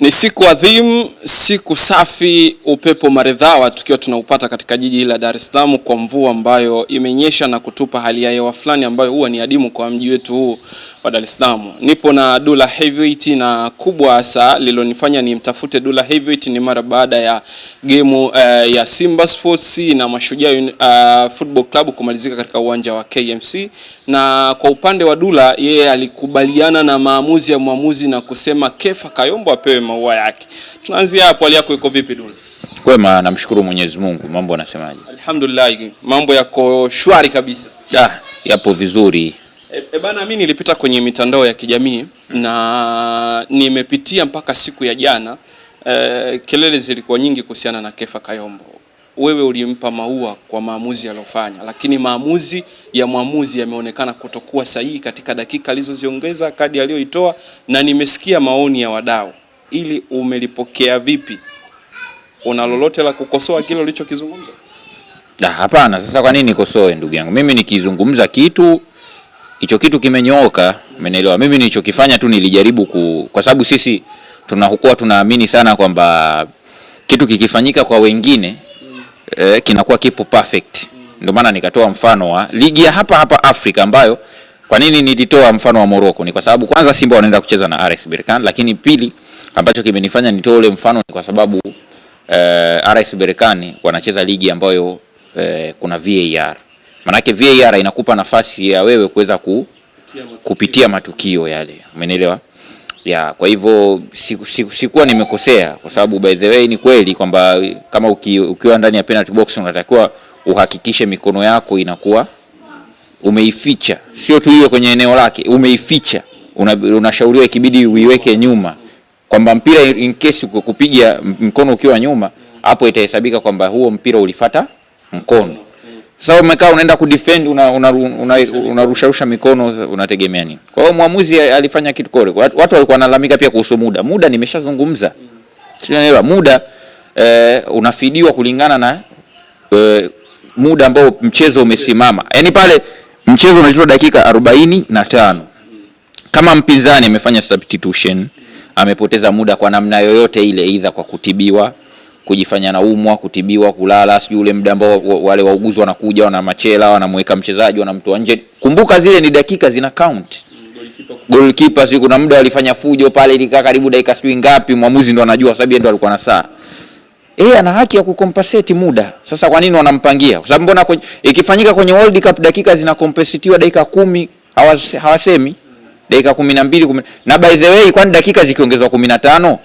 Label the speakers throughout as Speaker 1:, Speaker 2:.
Speaker 1: Ni siku adhimu, siku safi, upepo maridhawa tukiwa tunaupata katika jiji la Dar es Salaam kwa mvua ambayo imenyesha na kutupa hali ya hewa fulani ambayo huwa ni adimu kwa mji wetu huu wa Dar es Salaam. Nipo na Dula Heavyweight na kubwa hasa lilonifanya ni mtafute Dula Heavyweight ni mara baada ya gemu uh, ya Simba Sports na Mashujaa uh, Football Club kumalizika katika uwanja wa KMC, na kwa upande wa Dula yeye alikubaliana na maamuzi ya mwamuzi na kusema Kefa Kayombo apewe maua yake. Tunaanzia hapo, hali yako iko vipi Dula?
Speaker 2: Kwema, namshukuru Mwenyezi Mungu. Mambo anasemaje?
Speaker 1: Alhamdulillah, mambo yako shwari kabisa.
Speaker 2: Ah, yapo vizuri.
Speaker 1: E, bana, mimi nilipita kwenye mitandao ya kijamii na nimepitia mpaka siku ya jana e, kelele zilikuwa nyingi kuhusiana na Kefa Kayombo. Wewe ulimpa maua kwa maamuzi aliyofanya, lakini maamuzi ya mwamuzi yameonekana kutokuwa sahihi katika dakika alizoziongeza kadi aliyoitoa, na nimesikia maoni ya wadau. Ili umelipokea vipi? Una lolote la kukosoa kile ulichokizungumza?
Speaker 2: Ah, hapana. Sasa kwa nini nikosoe, ndugu yangu? Mimi nikizungumza kitu hicho kitu kimenyooka, umeelewa? Mimi nilichokifanya tu nilijaribu ku, kwa sababu sisi tunahukua tunaamini sana kwamba kitu kikifanyika kwa wengine eh, kinakuwa kipo perfect. Ndio maana nikatoa mfano wa ligi ya hapa hapa Afrika ambayo kwa nini nilitoa mfano wa Morocco ni kwa sababu kwanza Simba wanaenda kucheza na RS berkan lakini pili ambacho kimenifanya nitoe ule mfano ni kwa sababu eh, RS berkan wanacheza ligi ambayo eh, kuna VAR Manake VAR inakupa nafasi ya wewe kuweza ku, kupitia matukio yale, umeelewa? Ya, kwa hivyo siku, siku, sikuwa nimekosea kwa sababu by the way ni kweli kwamba kama uki, ukiwa ndani ya penalty box unatakiwa uhakikishe mikono yako inakuwa umeificha, sio tu hiyo kwenye eneo lake umeificha. Unashauriwa una ikibidi uiweke nyuma, kwamba mpira in case kupiga mkono ukiwa nyuma, hapo itahesabika kwamba huo mpira ulifata mkono. Sasa umekaa unaenda kudefend unarusharusha una, una, una mikono unategemea nini? Kwa hiyo mwamuzi alifanya kitu kore. Watu walikuwa wanalalamika pia kuhusu muda. Muda nimeshazungumza. Tunaelewa muda eh, unafidiwa kulingana na eh, muda ambao mchezo umesimama. Yaani pale mchezo unachukua dakika arobaini na tano. Kama mpinzani amefanya substitution, amepoteza muda kwa namna yoyote ile, idha kwa kutibiwa kujifanya naumwa, kutibiwa, kulala, sijui ule muda ambao wale wauguzi wanakuja wana machela wanamweka mchezaji wanamtoa nje. Kumbuka zile ni dakika zina count. Goalkeeper sio, kuna muda alifanya fujo pale, ilikaa karibu dakika sijui ngapi, mwamuzi ndo anajua, sababu yeye ndo alikuwa na saa. Eh, ana haki ya kukompensate muda. Sasa kwa nini wanampangia? Kwa sababu mbona kwenye, ikifanyika kwenye World Cup dakika zinakompensatiwa dakika kumi hawase, hawasemi dakika 12 10 na by the way, kwani dakika zikiongezwa 15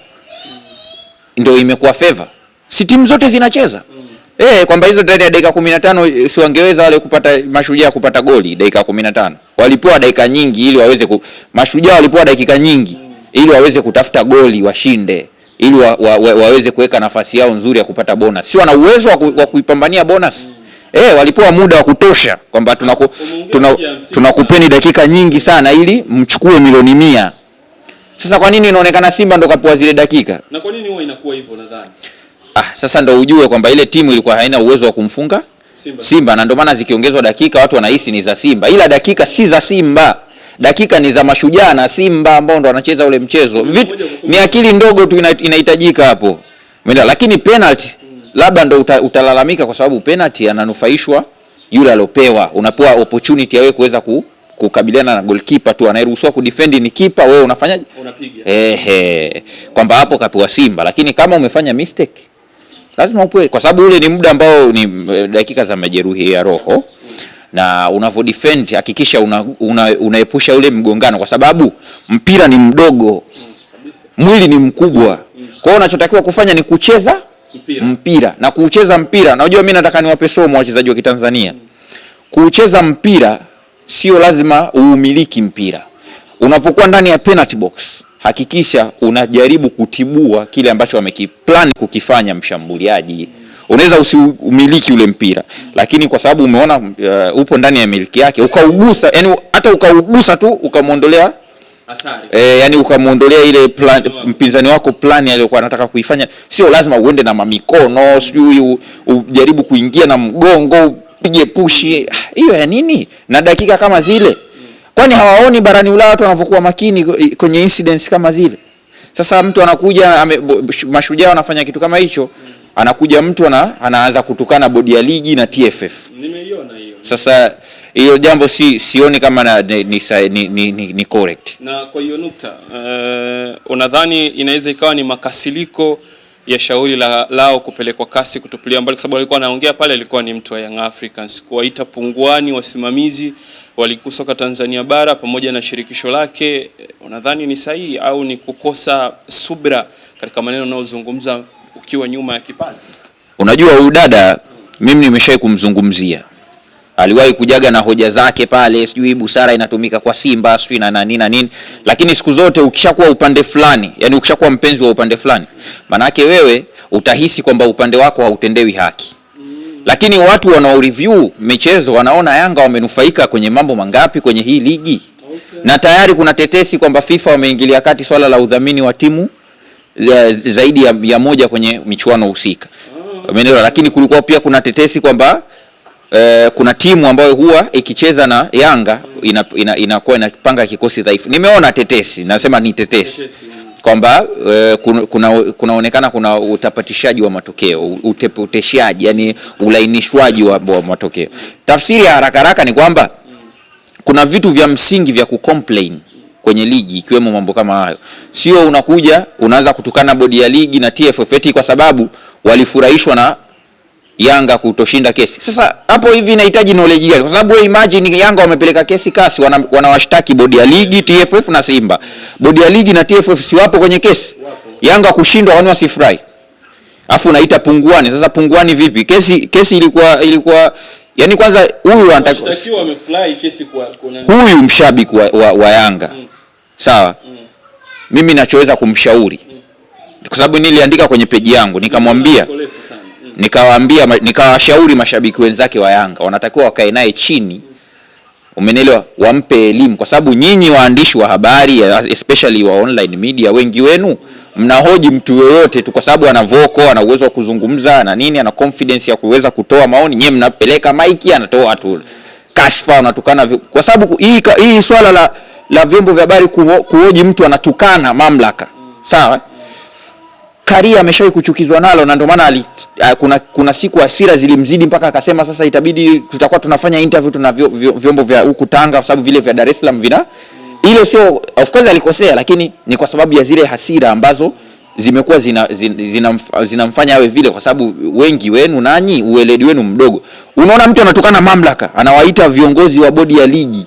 Speaker 2: ndio imekuwa favor si timu zote zinacheza mm. E, kwamba hizo ndani ya dakika 15 eh, si wangeweza wale kupata mashujaa kupata goli dakika 15. Walipewa dakika nyingi ili waweze ku, mashujaa walipewa dakika nyingi mm. ili waweze kutafuta goli washinde ili wa, wa, wa, waweze kuweka nafasi yao nzuri ya kupata bonus. Si wana uwezo wa, ku, wa kuipambania bonus. Mm. Eh, walipewa muda wa kutosha kwamba tunaku, tuna, tunakupeni dakika nyingi sana ili mchukue milioni mia. Sasa kwa nini inaonekana Simba ndo kapewa zile dakika?
Speaker 1: Na kwa nini huwa inakuwa hivyo nadhani?
Speaker 2: Ah, sasa ndo ujue kwamba ile timu ilikuwa haina uwezo wa kumfunga Simba, Simba na ndio maana zikiongezwa dakika watu wanahisi ni za Simba, ila dakika si za Simba, dakika ni za mashujaa na Simba ambao ndo wanacheza ule mchezo. Ni akili ndogo tu inahitajika hapo, umeelewa? Lakini penalty mm. labda ndo uta, utalalamika kwa sababu penalty ananufaishwa yule alopewa. Unapewa opportunity yawe kuweza ku, kukabiliana na goalkeeper tu, anayeruhusiwa kudefend ni kipa Wewe unafanyaje? Unapiga ehe, kwamba hapo kapewa Simba, lakini kama umefanya mistake lazima upe, kwa sababu ule ni muda ambao ni eh, dakika za majeruhi ya roho, na unavyo defend hakikisha unaepusha una, una ule mgongano, kwa sababu mpira ni mdogo, mwili ni mkubwa. Kwa hiyo unachotakiwa kufanya ni kucheza mpira, mpira. na kuucheza mpira, najua mimi nataka niwape somo wachezaji wa Kitanzania, kuucheza mpira sio lazima uumiliki mpira. Unapokuwa ndani ya penalty box hakikisha unajaribu kutibua kile ambacho amekiplan kukifanya mshambuliaji. Unaweza usiumiliki ule mpira, lakini kwa sababu umeona uh, upo ndani ya miliki yake ukaugusa, yani hata ukaugusa tu ukamwondolea E, yani ukamwondolea ile plan, mpinzani wako plani aliyokuwa anataka kuifanya. Sio lazima uende na mamikono, sijui ujaribu kuingia na mgongo upige pushi. Ah, hiyo ya nini? Na dakika kama zile Kwani hawaoni barani Ulaya watu wanavyokuwa makini kwenye incidents kama zile? Sasa mtu anakuja mashujaa wanafanya kitu kama hicho, anakuja mtu ana, anaanza kutukana bodi ya ligi na TFF. Nimeiona hiyo. Sasa hiyo jambo si sioni kama na, ni, ni, ni, ni, ni correct. Na kwa hiyo nukta uh, unadhani inaweza ikawa ni makasiliko ya shauri la, lao kupelekwa kasi kutupulia mbali, kwa sababu alikuwa anaongea pale alikuwa ni mtu wa Young Africans kuwaita punguani wasimamizi walikusoka Tanzania bara pamoja na shirikisho lake, unadhani ni sahihi au ni kukosa subra katika maneno unayozungumza ukiwa nyuma ya kipaza? Unajua huyu dada mimi nimeshawahi kumzungumzia, aliwahi kujaga na hoja zake pale, sijui busara inatumika kwa Simba sijui na nani na nini, lakini siku zote ukishakuwa upande fulani, yani ukishakuwa mpenzi wa upande fulani, maanake wewe utahisi kwamba upande wako hautendewi haki lakini watu review michezo wanaona Yanga wamenufaika kwenye mambo mangapi kwenye hii ligi? Okay. Na tayari kuna tetesi kwamba FIFA wameingilia kati swala la udhamini wa timu eh, zaidi ya, ya moja kwenye michuano husika. Umeelewa? Oh. Lakini kulikuwa pia kuna tetesi kwamba eh, kuna timu ambayo huwa ikicheza na Yanga inakuwa ina, ina inapanga kikosi dhaifu. Nimeona tetesi, nasema ni tetesi. Tetesi kwamba eh, kuna, kunaonekana kuna utapatishaji wa matokeo, uteputeshaji, yani ulainishwaji wa, wa matokeo. Tafsiri ya haraka haraka ni kwamba kuna vitu vya msingi vya kucomplain kwenye ligi ikiwemo mambo kama hayo. Sio unakuja unaanza kutukana bodi ya ligi na TFF eti kwa sababu walifurahishwa na Yanga kutoshinda kesi. Sasa hapo hivi inahitaji knowledge gani? Kwa sababu wewe imagine Yanga wamepeleka kesi kasi, wanawashtaki wana bodi ya ligi, TFF na Simba. Bodi ya ligi na TFF si wapo kwenye kesi? Yanga kushindwa kwani wasifurahi? Afu unaita punguani. Sasa punguani vipi? Kesi kesi ilikuwa ilikuwa yani kwanza huyu anataka kesi huyu mshabiki wa, wa, wa Yanga. Mm. Sawa. Mm. Mimi nachoweza kumshauri. Mm. Kwa sababu niliandika kwenye peji yangu nikamwambia nikawaambia, nikawashauri mashabiki wenzake wa Yanga wanatakiwa wakae naye chini, umenelewa wampe elimu, kwa sababu nyinyi waandishi wa habari especially wa online media, wengi wenu mnahoji mtu yoyote tu kwa sababu ana voko, ana uwezo wa kuzungumza, na nini, ana confidence ya kuweza kutoa maoni. Nyinyi mnapeleka maiki, anatoa tu kashfa, anatukana, kwa sababu hii hii swala la la vyombo vya habari kuhoji mtu anatukana mamlaka, sawa Karia ameshawahi kuchukizwa nalo na ndio maana kuna, kuna siku hasira zilimzidi mpaka akasema sasa itabidi tutakuwa tunafanya interview tuna vyombo vya huku Tanga kwa sababu vile vya Dar es Salaam vina ile sio, of course alikosea, lakini ni kwa sababu ya zile hasira ambazo zimekuwa zinamfanya zina, zina, zina awe vile, kwa sababu wengi wenu nanyi ueledi wenu mdogo. Unaona mtu anatokana mamlaka, anawaita viongozi wa bodi ya ligi,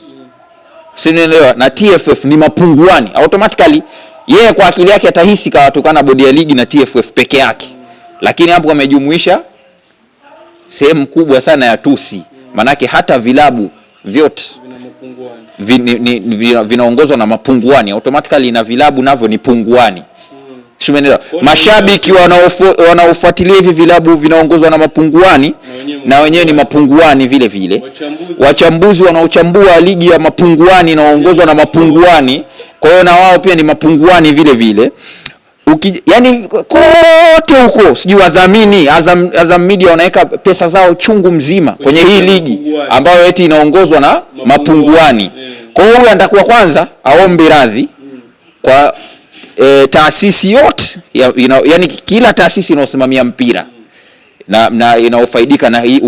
Speaker 2: sinielewa, na TFF ni mapunguani automatically yeye kwa akili yake atahisi kawatukana bodi ya ligi na TFF peke yake, lakini hapo amejumuisha sehemu kubwa sana ya tusi, manake hata vilabu vyote vinaongozwa na mapunguani automatically, na vilabu navyo ni punguani. Umeelewa? Mashabiki wanaofuatilia hivi vilabu vinaongozwa na mapunguani na wenyewe ni mapunguani vile vile. Wachambuzi wanaochambua ligi ya mapunguani inaongozwa na mapunguani kwa hiyo na wao pia ni mapunguani vile vile Uki, yani kote huko sijui wadhamini Azam, Azam Media wanaweka pesa zao chungu mzima kwenye hii ligi ambayo eti inaongozwa na mapunguani. Kwa hiyo huyu anatakuwa kwanza aombe radhi kwa e, taasisi yote ya, you know, yani kila taasisi inayosimamia mpira na, na inaofaidika na hii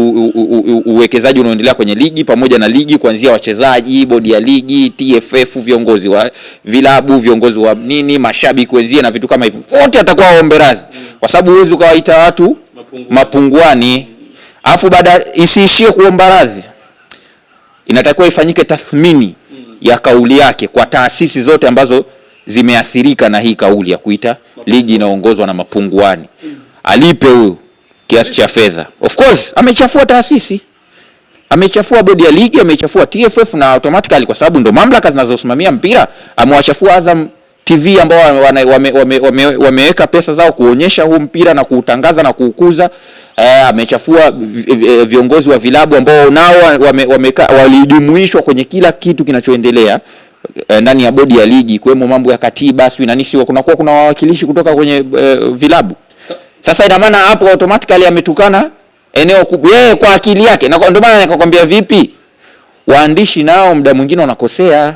Speaker 2: uwekezaji unaoendelea kwenye ligi pamoja na ligi kuanzia wachezaji, bodi ya ligi, TFF, viongozi wa vilabu, viongozi wa nini, mashabiki wenzie na vitu kama hivyo, wote atakuwa waombe radhi, kwa sababu huwezi ukawaita watu mapunguani, alafu baada isiishie kuomba radhi, inatakiwa ifanyike tathmini ya kauli yake kwa taasisi zote ambazo zimeathirika na hii kauli ya kuita ligi inaongozwa na mapunguani, alipe huyu kiasi cha fedha. Of course amechafua taasisi, amechafua bodi ya ligi, amechafua TFF na automatically, kwa sababu ndo mamlaka zinazosimamia mpira, amewachafua Azam TV ambao wameweka wame, wame, wame, wame wame pesa zao kuonyesha huu mpira na kuutangaza na kuukuza. Eh, amechafua eh, viongozi wa vilabu ambao nao walijumuishwa kwenye kila kitu kinachoendelea eh, ndani ya bodi ya ligi, ikiwemo mambo ya katiba, si nani, si kunakuwa kuna wawakilishi kutoka kwenye uh, vilabu. Sasa ina maana hapo automatically ametukana eneo kubwa yeye kwa akili yake, na ndio maana nikakwambia vipi, waandishi nao muda mwingine wanakosea.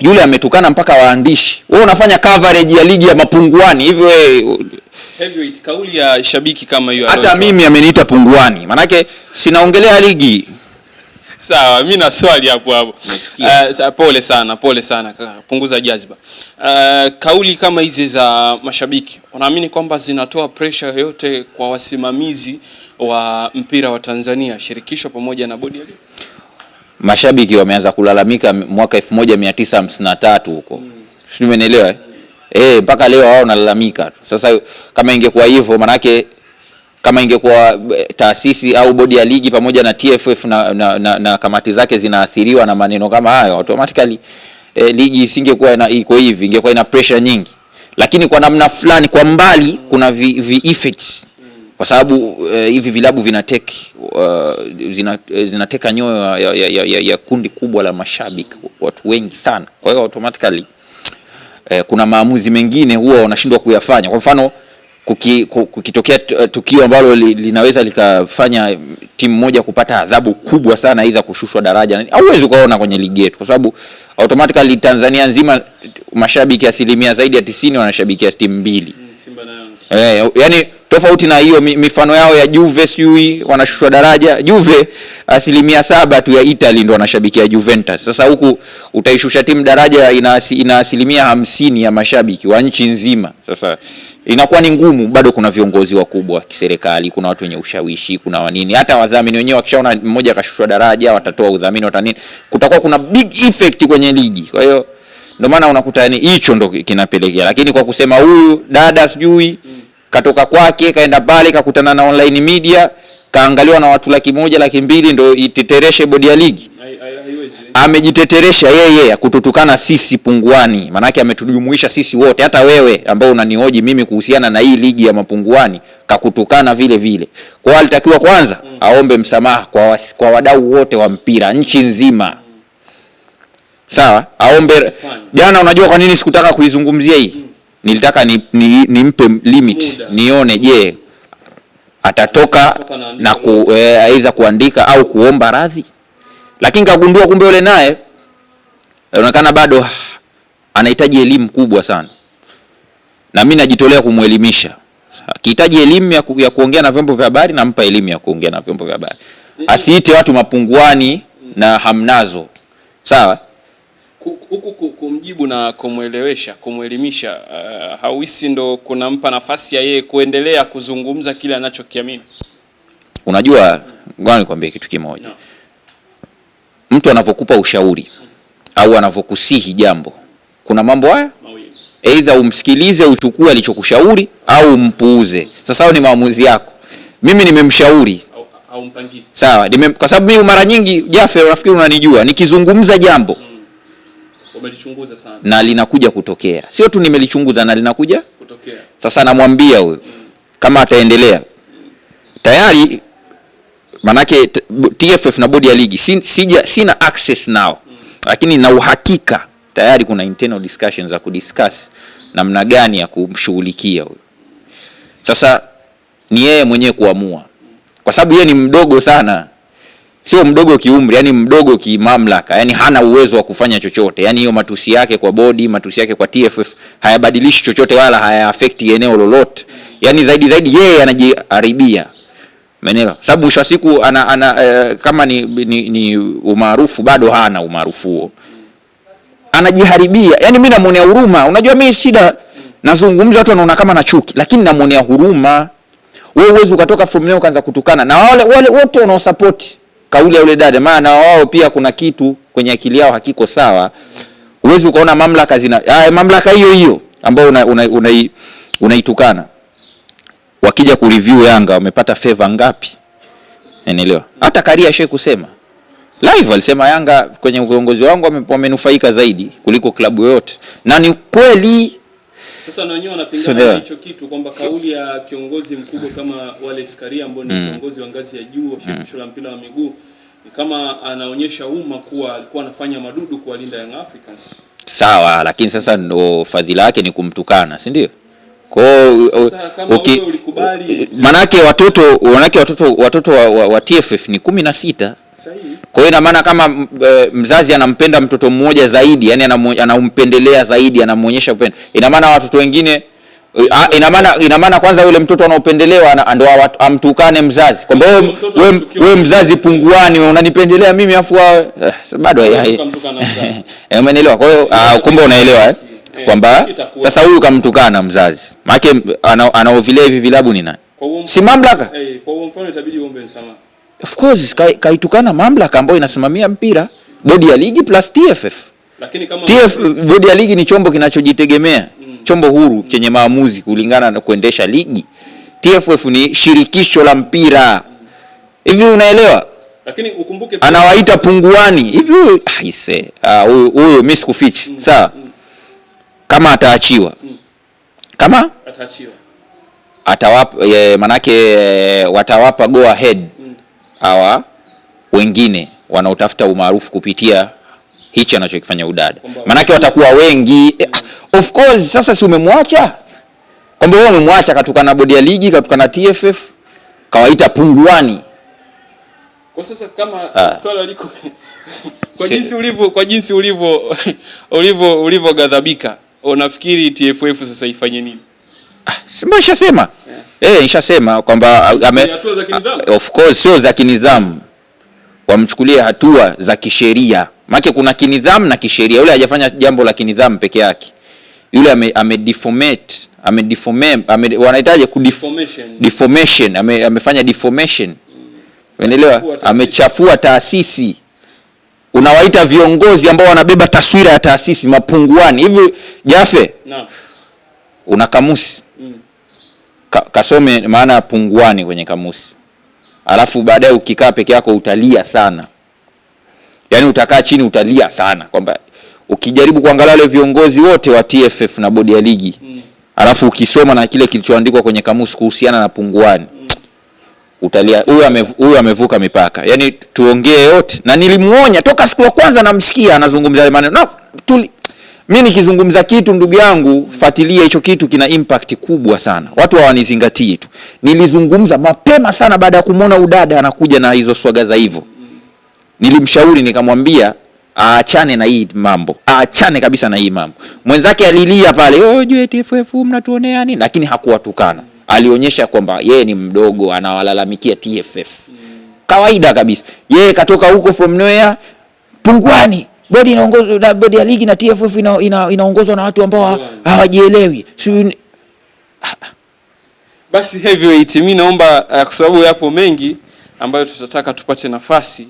Speaker 2: Yule ametukana mpaka waandishi. Wewe unafanya coverage ya ligi ya mapunguani hivyo wewe Heavyweight, kauli ya shabiki kama hiyo, hata mimi ameniita punguani, manake sinaongelea ligi Sawa, mimi na swali hapo hapo. Uh, pole sana, pole sana punguza jazba. Uh, kauli kama hizi za mashabiki unaamini kwamba zinatoa pressure yoyote kwa wasimamizi wa mpira wa Tanzania, shirikisho pamoja na bodi Mashabiki wameanza kulalamika mwaka 1953 huko, hmm. Sio, umeelewa? Hmm. Eh? eh, mpaka leo wao wanalalamika. Sasa kama ingekuwa hivyo manake kama ingekuwa eh, taasisi au bodi ya ligi pamoja na TFF na, na, na, na kamati zake zinaathiriwa na maneno kama hayo automatically eh, ligi isingekuwa iko hivi, ingekuwa ina pressure nyingi, lakini kwa namna fulani kwa mbali kuna vi, vi effects kwa sababu eh, hivi vilabu vinateki uh, eh, zinateka eh, nyoyo ya, ya, ya, ya kundi kubwa la mashabiki, watu wengi sana. Kwa hiyo automatically eh, kuna maamuzi mengine huwa wanashindwa kuyafanya, kwa mfano kuki, kukitokea eh, tukio ambalo li, linaweza likafanya timu moja kupata adhabu kubwa sana, aidha kushushwa daraja, hauwezi ukaona kwenye ligi yetu, kwa sababu automatically Tanzania nzima mashabiki asilimia zaidi ya tisini wanashabikia timu mbili mm, Eh, yani tofauti na hiyo mifano yao ya Juve sijui wanashushwa daraja. Juve asilimia saba tu ya Italy ndo wanashabikia Juventus. Sasa huku utaishusha timu daraja ina asilimia hamsini ya mashabiki wa nchi nzima. Sasa inakuwa ni ngumu. Bado kuna viongozi wakubwa kiserikali, kuna watu wenye ushawishi, kuna wanini, hata wadhamini wenyewe wakishaona mmoja akashushwa daraja watatoa udhamini, watanini, kutakuwa kuna big effect kwenye ligi. Kwa hiyo ndio maana unakuta yani hicho ndo kinapelekea, lakini kwa kusema huyu dada sijui mm katoka kwake kaenda pale kakutana na online media kaangaliwa na watu laki moja laki mbili ndo itetereshe bodi ya ligi. Eh. Amejiteteresha yeye kututukana sisi punguani, maanake ametujumuisha sisi wote, hata wewe ambao unanihoji mimi kuhusiana na hii ligi ya mapunguani kakutukana vile vile. Kwa alitakiwa kwanza mm, aombe msamaha kwa, kwa wadau wote wa mpira nchi nzima mm. Sawa, aombe jana. Unajua kwa nini sikutaka kuizungumzia hii? nilitaka ni, ni, nimpe limit nione, je atatoka na ku, e, kuandika au kuomba radhi, lakini kagundua kumbe yule naye inaonekana bado ah, anahitaji elimu kubwa sana, na mimi najitolea kumwelimisha. Akihitaji elimu ya, ku, ya kuongea na vyombo vya habari, nampa elimu ya kuongea na vyombo vya habari, asiite watu mapunguani na hamnazo. Sawa huku kumjibu na kumwelewesha, kumwelimisha, uh, hauhisi ndo kunampa nafasi ya yeye kuendelea kuzungumza kile anachokiamini? Unajua, ngoja nikwambie kitu kimoja no. Mtu anavyokupa ushauri au anavyokusihi jambo, kuna mambo haya mawili, aidha umsikilize, uchukue alichokushauri au mpuuze. Sasa ni maamuzi yako. Mimi nimemshauri au, au mpangie sawa, kwa sababu mimi mara nyingi Jafe, rafiki unanijua, nikizungumza jambo mm umelichunguza sana na linakuja kutokea, sio tu nimelichunguza na linakuja kutokea. Sasa namwambia huyo mm. kama ataendelea mm. tayari manake TFF na bodi ya ligi sin, sija, sina access nao mm. lakini na uhakika tayari kuna internal discussions za kudiscuss namna gani ya kumshughulikia huyo. Sasa ni yeye mwenyewe kuamua, kwa sababu yeye ni mdogo sana sio mdogo kiumri, yani mdogo kimamlaka, yani hana uwezo wa kufanya chochote. Yani hiyo matusi yake kwa bodi, matusi yake kwa TFF hayabadilishi chochote wala hayaafekti eneo lolote. Yani zaidi zaidi yeye anajiharibia, umeelewa? Sababu mwisho wa siku ana, ana uh, kama ni, ni, ni umaarufu bado hana umaarufu huo, anajiharibia. Yani mimi namuonea huruma, unajua mimi shida nazungumza, watu wanaona kama na chuki, lakini namuonea huruma. Wewe uwezi ukatoka from leo ukaanza kutukana na wale wale wote wanaosupport kauli ya yule dada, maana wao pia kuna kitu kwenye akili yao hakiko sawa. Huwezi ukaona mamlaka zina ah, mamlaka hiyo hiyo ambayo unaitukana una, una, una wakija kureview Yanga wamepata favor ngapi? Enelewa Hata Karia ashe kusema live alisema Yanga kwenye uongozi wangu wamenufaika zaidi kuliko klabu yoyote, na ni kweli sasa na wenyewe wanapingana hicho so, kitu kwamba kauli ya kiongozi mkubwa kama Wallace Karia ambaye ni mm. wa ngazi ya juu wa mm. shirikisho la mpira wa miguu ni kama anaonyesha umma kuwa alikuwa anafanya madudu kuwalinda Young Africans. Sawa, lakini sasa ndo fadhila yake ni kumtukana, si ndio? Manake watoto manake watoto watoto wa, wa, wa TFF ni kumi na sita kwa hiyo ina maana kama e, mzazi anampenda mtoto mmoja zaidi, yani anampendelea zaidi, anamuonyesha upendo, ina maana watoto wengine eh, ah, ina maana ina maana kwanza yule mtoto anaopendelewa ndio amtukane mzazi kwamba wewe we mzazi punguani unanipendelea mimi afu eh, bado umeelewa. Kwa hiyo ah, kumbe unaelewa eh, kwamba sasa huyu kamtukana mzazi, maana anaovilea hivi vilabu ni nani? Si mamlaka. Kwa hiyo mfano itabidi uombe msamaha. Of course kaitukana mamlaka ambayo inasimamia mpira, bodi ya ligi plus TFF. Lakini kama TF, bodi ya ligi ni chombo kinachojitegemea mm, chombo huru mm. chenye maamuzi kulingana na kuendesha ligi. TFF ni shirikisho la mpira hivi, mm. unaelewa? Lakini ukumbuke anawaita punguani hivi aise, huyu uh, huyu mimi sikufichi mm, sawa mm, kama ataachiwa mm, kama ataachiwa atawapa, e, eh, manake eh, watawapa go ahead mm hawa wengine wanaotafuta umaarufu kupitia hichi anachokifanya udada, maanake watakuwa wengi eh, of course. Sasa si umemwacha kwamba wewe umemwacha, na bodi ya ligi, katuka na TFF, kawaita punguani. Kwa sasa kama ah. swala liko kwa jinsi ulivyo kwa jinsi ulivyo ulivyo ulivyoghadhabika, unafikiri TFF sasa ifanye nini? Simba ah, nishasema yeah. Eh, nishasema kwamba ah, of course sio za kinidhamu, wamchukulie hatua za kisheria, maana kuna kinidhamu na kisheria. Yule hajafanya jambo la kinidhamu peke yake, yule ame, ame deformate ame wanahitaji ku deformation ame, amefanya deformation mm. unaelewa Amechafua taasisi unawaita viongozi ambao wanabeba taswira ya taasisi mapunguani hivi, Jafe no una kamusi mm. Ka, kasome maana ya punguani kwenye kamusi, alafu baadaye ukikaa peke yako utalia sana, yaani utakaa chini utalia sana kwamba ukijaribu kuangalia wale viongozi wote wa TFF na bodi ya ligi mm. alafu ukisoma na kile kilichoandikwa kwenye kamusi kuhusiana na punguani mm. utalia, huyu huyu amevuka mipaka. Yaani tuongee yote, na nilimuonya toka siku ya kwanza, namsikia anazungumza maneno na, mimi nikizungumza kitu ndugu yangu, fuatilia hicho kitu, kina impact kubwa sana. Watu hawanizingatii tu. Nilizungumza mapema sana baada ya kumwona udada anakuja na hizo swaga za hivyo. Nilimshauri nikamwambia aachane na hii mambo, aachane kabisa na hii mambo. Mwenzake alilia pale, oh, je, TFF mnatuonea nini? Lakini hakuwatukana, alionyesha kwamba yeye ni mdogo, anawalalamikia TFF kawaida kabisa. Yeye katoka huko from nowhere Pungwani bodi inaongozwa na bodi ya ligi na TFF inaongozwa na watu ambao hawajielewi. Basi Heavyweight, mimi naomba uh, kwa sababu yapo mengi ambayo tutataka tupate nafasi,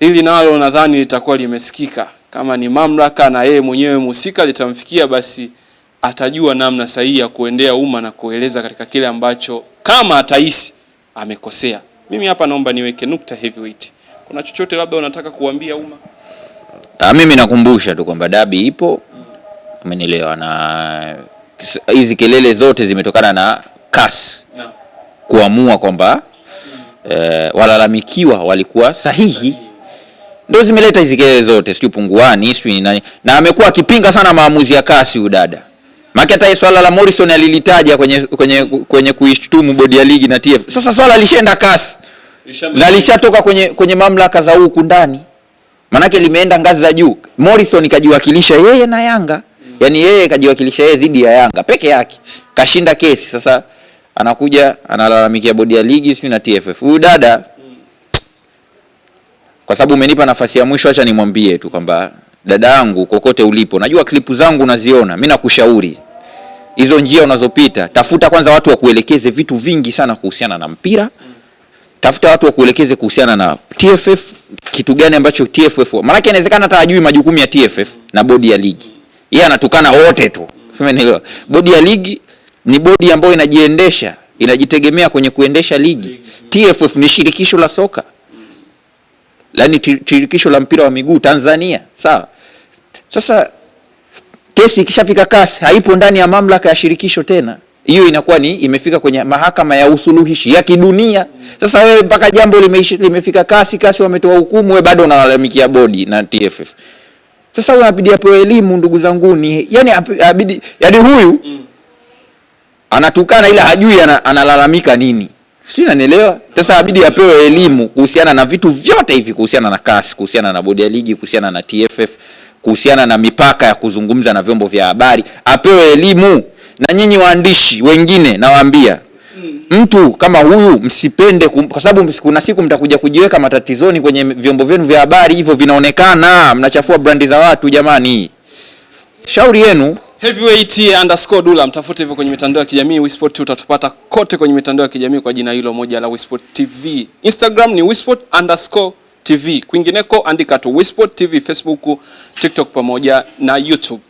Speaker 2: ili nalo nadhani litakuwa limesikika. Kama ni mamlaka na yeye mwenyewe mhusika litamfikia, basi atajua namna sahihi ya kuendea umma na kueleza katika kile ambacho kama ataisi amekosea. Mimi hapa naomba niweke nukta Heavyweight. Kuna chochote labda unataka kuambia umma? Ah, mimi nakumbusha tu kwamba dabi ipo, umenielewa, na hizi kelele zote zimetokana na CAS kuamua kwamba e, walalamikiwa walikuwa sahihi, ndio zimeleta hizi kelele zote, sio punguani, sio na, na amekuwa akipinga sana maamuzi ya CAS huyu dada Maki hata swala la Morrison alilitaja kwenye kwenye kwenye kuishtumu bodi ya ligi na TF. Sasa swala lishaenda kasi. Na lishatoka kwenye kwenye mamlaka za huku ndani. Manake limeenda ngazi za juu. Morrison kajiwakilisha yeye na Yanga. Yaani yeye kajiwakilisha yeye dhidi ya Yanga peke yake. Kashinda kesi. Sasa anakuja analalamikia bodi ya ligi sio na TFF. Huyu dada kwa sababu umenipa nafasi ya mwisho, acha nimwambie tu kwamba dada yangu, kokote ulipo, najua klipu zangu unaziona, mimi nakushauri hizo njia unazopita, tafuta kwanza watu wa kuelekeze vitu vingi sana kuhusiana na mpira tafuta watu wakuelekeze kuhusiana na TFF, kitu gani ambacho TFF, maana yake inawezekana hata ajui majukumu ya TFF na bodi ya ligi. Yeye anatukana wote tu, umeelewa? Bodi ya ligi ni bodi ambayo inajiendesha, inajitegemea kwenye kuendesha ligi. TFF ni shirikisho la soka, lani shirikisho la mpira wa miguu Tanzania, sawa? Sasa kesi ikishafika kasi haipo ndani ya mamlaka ya shirikisho tena hiyo inakuwa ni imefika kwenye mahakama ya usuluhishi ya kidunia. Sasa wewe mpaka jambo limeishi, limefika kasi kasi, wametoa hukumu, wewe bado unalalamikia bodi na TFF. Sasa huyu anabidi apewe elimu, ndugu zangu, ni yani abidi yani huyu mm. anatukana ila hajui ana, analalamika nini, sio? Unanielewa? Sasa abidi apewe elimu kuhusiana na vitu vyote hivi, kuhusiana na kasi, kuhusiana na bodi ya ligi, kuhusiana na TFF, kuhusiana na mipaka ya kuzungumza na vyombo vya habari, apewe elimu na nyinyi waandishi wengine nawaambia mm. mtu kama huyu msipende, kwa sababu kuna siku mtakuja kujiweka matatizoni kwenye vyombo vyenu vya habari, hivyo vinaonekana mnachafua brandi za watu. Jamani, shauri yenu. Heavyweight underscore Dula, mtafute hivyo kwenye mitandao ya kijamii. Wisport TV utatupata kote kwenye mitandao ya kijamii kwa jina hilo moja la Wisport TV. Instagram ni Wisport underscore TV, kwingineko andika tu Wisport TV, Facebook, TikTok pamoja na YouTube.